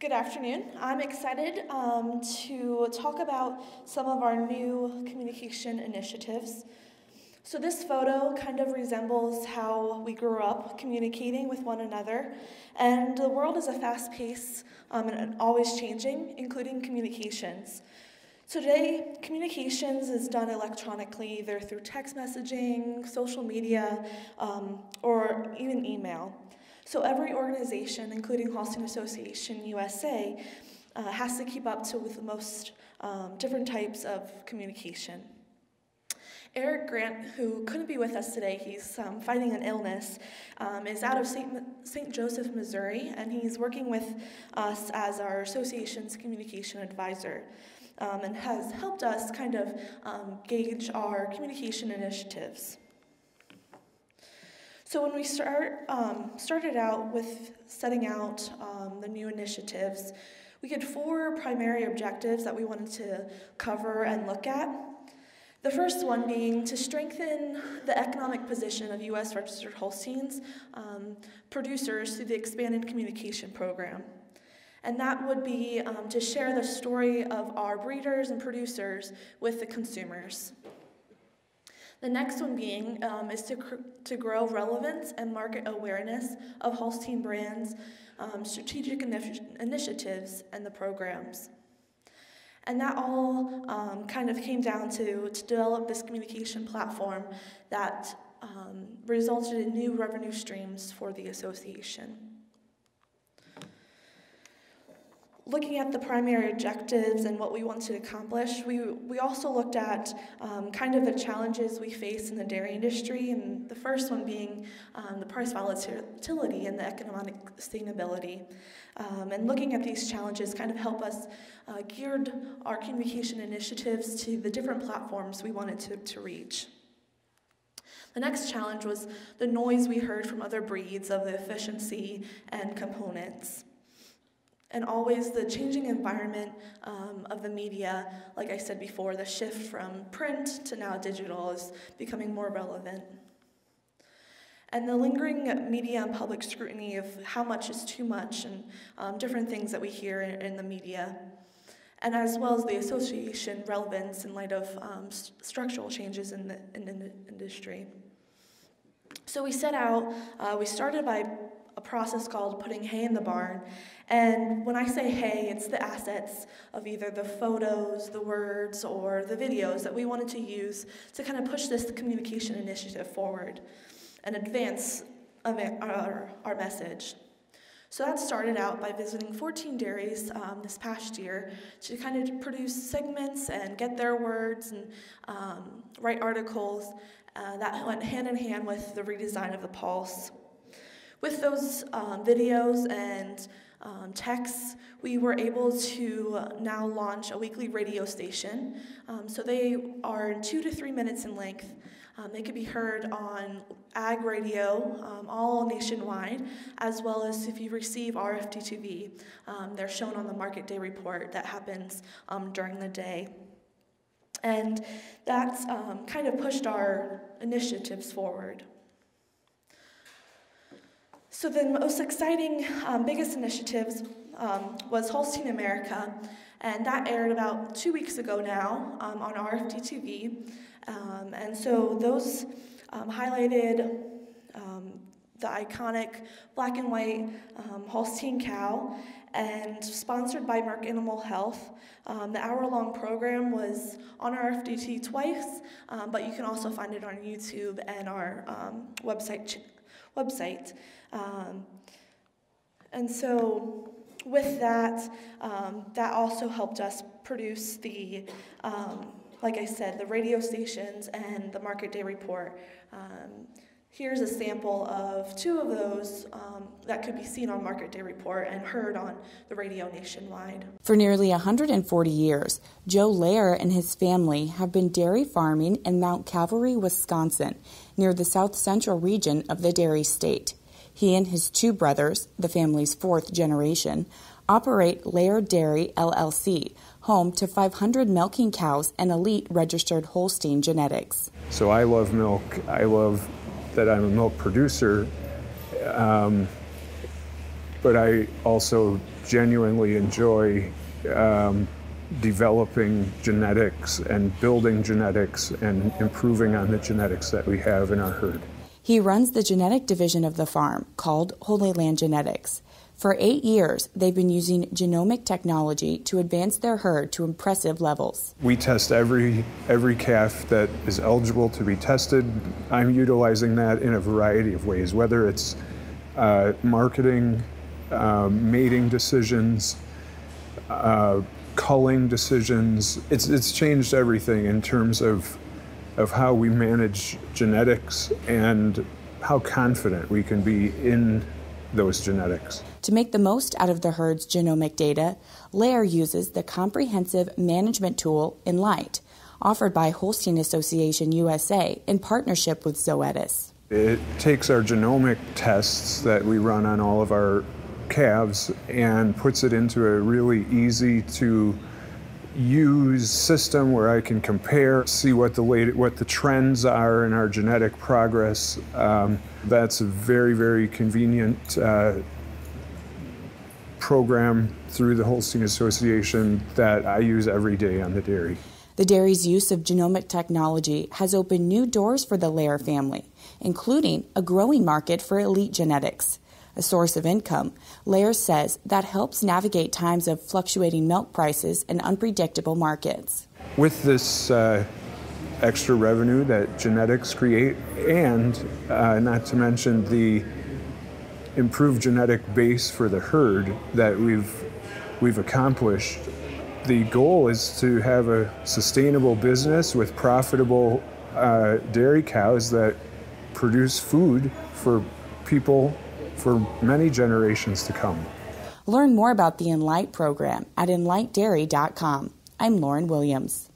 Good afternoon. I'm excited um, to talk about some of our new communication initiatives. So this photo kind of resembles how we grew up communicating with one another. And the world is a fast pace um, and always changing, including communications. So today, communications is done electronically, either through text messaging, social media, um, or even email. So every organization, including Halston Association USA, uh, has to keep up to with the most um, different types of communication. Eric Grant, who couldn't be with us today, he's um, fighting an illness, um, is out of St. Joseph, Missouri, and he's working with us as our association's communication advisor um, and has helped us kind of um, gauge our communication initiatives. So when we start, um, started out with setting out um, the new initiatives, we had four primary objectives that we wanted to cover and look at. The first one being to strengthen the economic position of U.S. registered Holsteins um, producers through the expanded communication program. And that would be um, to share the story of our breeders and producers with the consumers. The next one being um, is to, to grow relevance and market awareness of Holstein brands, um, strategic initiatives, and the programs. And that all um, kind of came down to, to develop this communication platform that um, resulted in new revenue streams for the association. looking at the primary objectives and what we want to accomplish, we, we also looked at um, kind of the challenges we face in the dairy industry, and the first one being um, the price volatility and the economic sustainability. Um, and looking at these challenges kind of help us uh, geared our communication initiatives to the different platforms we wanted to, to reach. The next challenge was the noise we heard from other breeds of the efficiency and components and always the changing environment um, of the media, like I said before, the shift from print to now digital is becoming more relevant. And the lingering media and public scrutiny of how much is too much and um, different things that we hear in, in, the media. And as well as the association relevance in light of um, st structural changes in the, in the industry. So we set out, uh, we started by a process called putting hay in the barn. And when I say hay, it's the assets of either the photos, the words, or the videos that we wanted to use to kind of push this communication initiative forward and advance our, our message. So that started out by visiting 14 dairies um, this past year to kind of produce segments and get their words and um, write articles uh, that went hand in hand with the redesign of the Pulse. With those um, videos and um, texts, we were able to now launch a weekly radio station. Um, so they are two to three minutes in length. Um, they could be heard on ag radio, um, all nationwide, as well as if you receive rfd 2 um, they're shown on the market day report that happens um, during the day. And that's kind of pushed our initiatives forward. So the most exciting, um, biggest initiatives um, was Holstein America, and that aired about two weeks ago now um, on RFD TV. Um, and so those um, highlighted um, the iconic black and white Holstein cow, and sponsored by Merck Animal Health. Um, the hour-long program was on RFDT twice, um, but you can also find it on YouTube and our um, website website. Um, and so with that, um, that also helped us produce the, um, like I said, the radio stations and the market day report. Um, Here's a sample of two of those um, that could be seen on Market Day Report and heard on the radio nationwide. For nearly 140 years, Joe Lair and his family have been dairy farming in Mount Calvary, Wisconsin, near the south central region of the dairy state. He and his two brothers, the family's fourth generation, operate Lair Dairy LLC, home to 500 milking cows and elite registered Holstein genetics. So I love milk. I love that I'm a milk producer, um, but I also genuinely enjoy um, developing genetics and building genetics and improving on the genetics that we have in our herd. He runs the genetic division of the farm called Holy Land Genetics. For eight years, they've been using genomic technology to advance their herd to impressive levels. We test every, every calf that is eligible to be tested. I'm utilizing that in a variety of ways, whether it's uh, marketing, uh, mating decisions, uh, culling decisions. It's, it's changed everything in terms of, of how we manage genetics and how confident we can be in those genetics. To make the most out of the herd's genomic data, Lair uses the comprehensive management tool InLight, offered by Holstein Association USA in partnership with Zoetis. It takes our genomic tests that we run on all of our calves and puts it into a really easy to use system where I can compare, see what the late, what the trends are in our genetic progress. Um, that's a very very convenient uh, program through the Holstein Association that I use every day on the dairy. The dairy's use of genomic technology has opened new doors for the Lair family, including a growing market for elite genetics a source of income, Layers says that helps navigate times of fluctuating milk prices and unpredictable markets. With this uh, extra revenue that genetics create, and uh, not to mention the improved genetic base for the herd that we've we've accomplished, the goal is to have a sustainable business with profitable uh, dairy cows that produce food for people for many generations to come. Learn more about the Enlight program at enlightdairy.com. I'm Lauren Williams.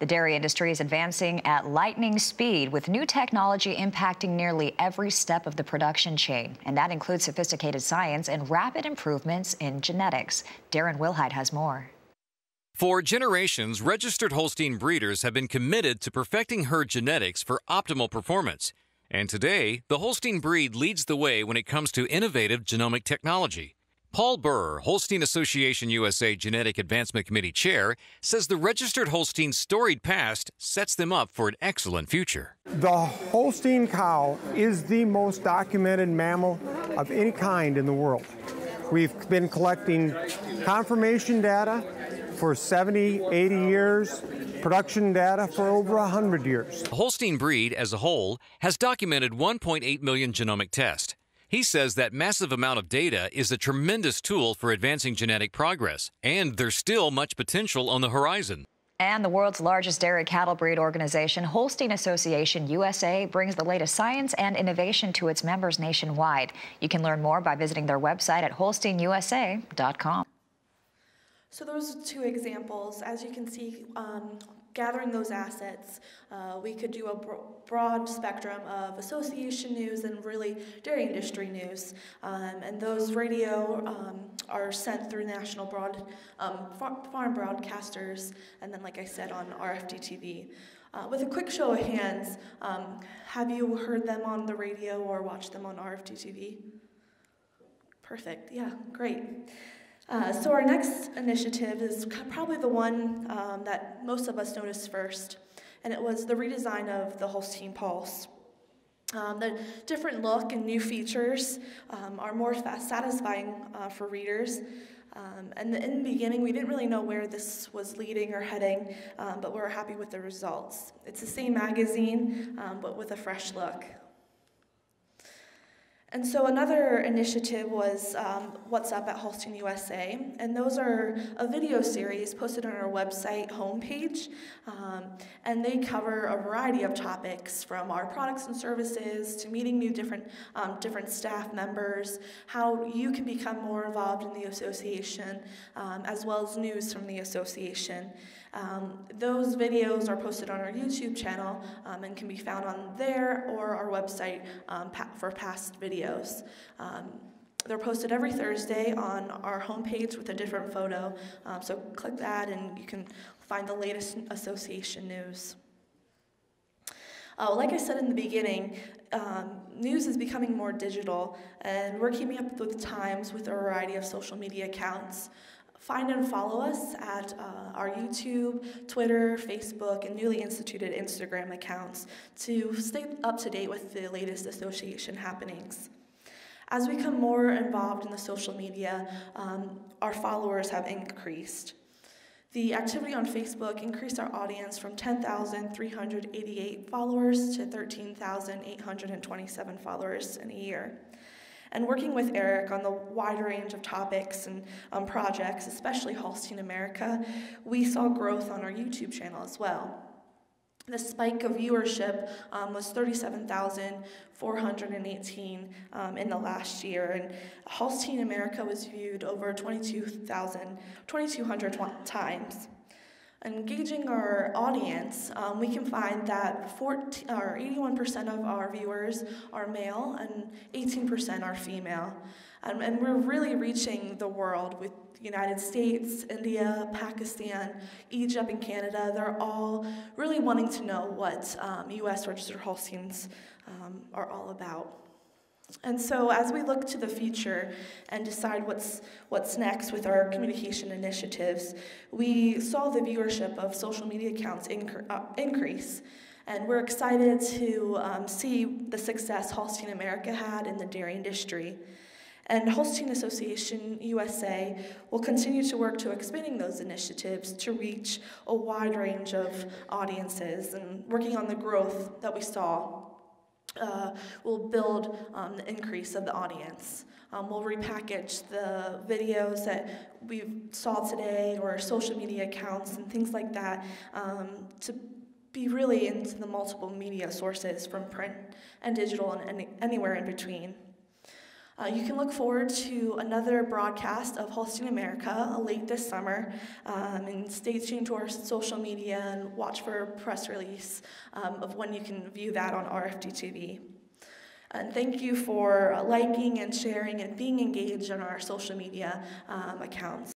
The dairy industry is advancing at lightning speed with new technology impacting nearly every step of the production chain, and that includes sophisticated science and rapid improvements in genetics. Darren Wilhite has more. For generations, registered Holstein breeders have been committed to perfecting herd genetics for optimal performance. And today, the Holstein breed leads the way when it comes to innovative genomic technology. Paul Burr, Holstein Association USA Genetic Advancement Committee Chair, says the registered Holstein's storied past sets them up for an excellent future. The Holstein cow is the most documented mammal of any kind in the world. We've been collecting confirmation data for 70, 80 years production data for over 100 years. The Holstein breed as a whole has documented 1.8 million genomic tests. He says that massive amount of data is a tremendous tool for advancing genetic progress, and there's still much potential on the horizon. And the world's largest dairy cattle breed organization, Holstein Association USA, brings the latest science and innovation to its members nationwide. You can learn more by visiting their website at holsteinusa.com. So those are two examples. As you can see, um, gathering those assets, uh, we could do a broad spectrum of association news and really dairy industry news. Um, and those radio um, are sent through national broad um, farm broadcasters, and then like I said, on RFD TV. Uh, with a quick show of hands, um, have you heard them on the radio or watched them on RFD TV? Perfect, yeah, great. Uh, so our next initiative is probably the one um, that most of us noticed first, and it was the redesign of the Holstein Pulse. Um, the different look and new features um, are more satisfying uh, for readers. Um, and in the beginning, we didn't really know where this was leading or heading, um, but we were happy with the results. It's the same magazine, um, but with a fresh look. And so another initiative was um, What's Up at Halston USA, and those are a video series posted on our website homepage, um, and they cover a variety of topics from our products and services to meeting new different, um, different staff members, how you can become more involved in the association, um, as well as news from the association. Um, those videos are posted on our YouTube channel um, and can be found on there or our website for past videos videos. Um, they're posted every Thursday on our homepage with a different photo. Um, so click that and you can find the latest association news. Uh, like I said in the beginning, um, news is becoming more digital and we're keeping up with times with a variety of social media accounts find and follow us at uh, our YouTube, Twitter, Facebook, and newly instituted Instagram accounts to stay up to date with the latest association happenings. As we become more involved in the social media, um, our followers have increased. The activity on Facebook increased our audience from 10,388 followers to 13,827 followers in a year. And working with Eric on the wide range of topics and um, projects, especially Halstein America, we saw growth on our YouTube channel as well. The spike of viewership um, was 37,418 um, in the last year, and Halstein America was viewed over 22,000, 2,200 times. Engaging our audience, um, we can find that 14, or 81% of our viewers are male and 18% are female. Um, and we're really reaching the world with the United States, India, Pakistan, Egypt, and Canada. They're all really wanting to know what um, U.S. registered Holsteins um, are all about. And so, as we look to the future and decide what's, what's next with our communication initiatives, we saw the viewership of social media accounts incre uh, increase. And we're excited to um, see the success Holstein America had in the dairy industry. And Holstein Association USA will continue to work to expanding those initiatives to reach a wide range of audiences and working on the growth that we saw uh, will build um, the increase of the audience. Um, we'll repackage the videos that we saw today or social media accounts and things like that um, to be really into the multiple media sources from print and digital and any, anywhere in between. Uh, you can look forward to another broadcast of Holstein America uh, late this summer, um, and stay tuned to our social media and watch for a press release um, of when you can view that on RFD TV. And thank you for uh, liking and sharing and being engaged on our social media um, accounts.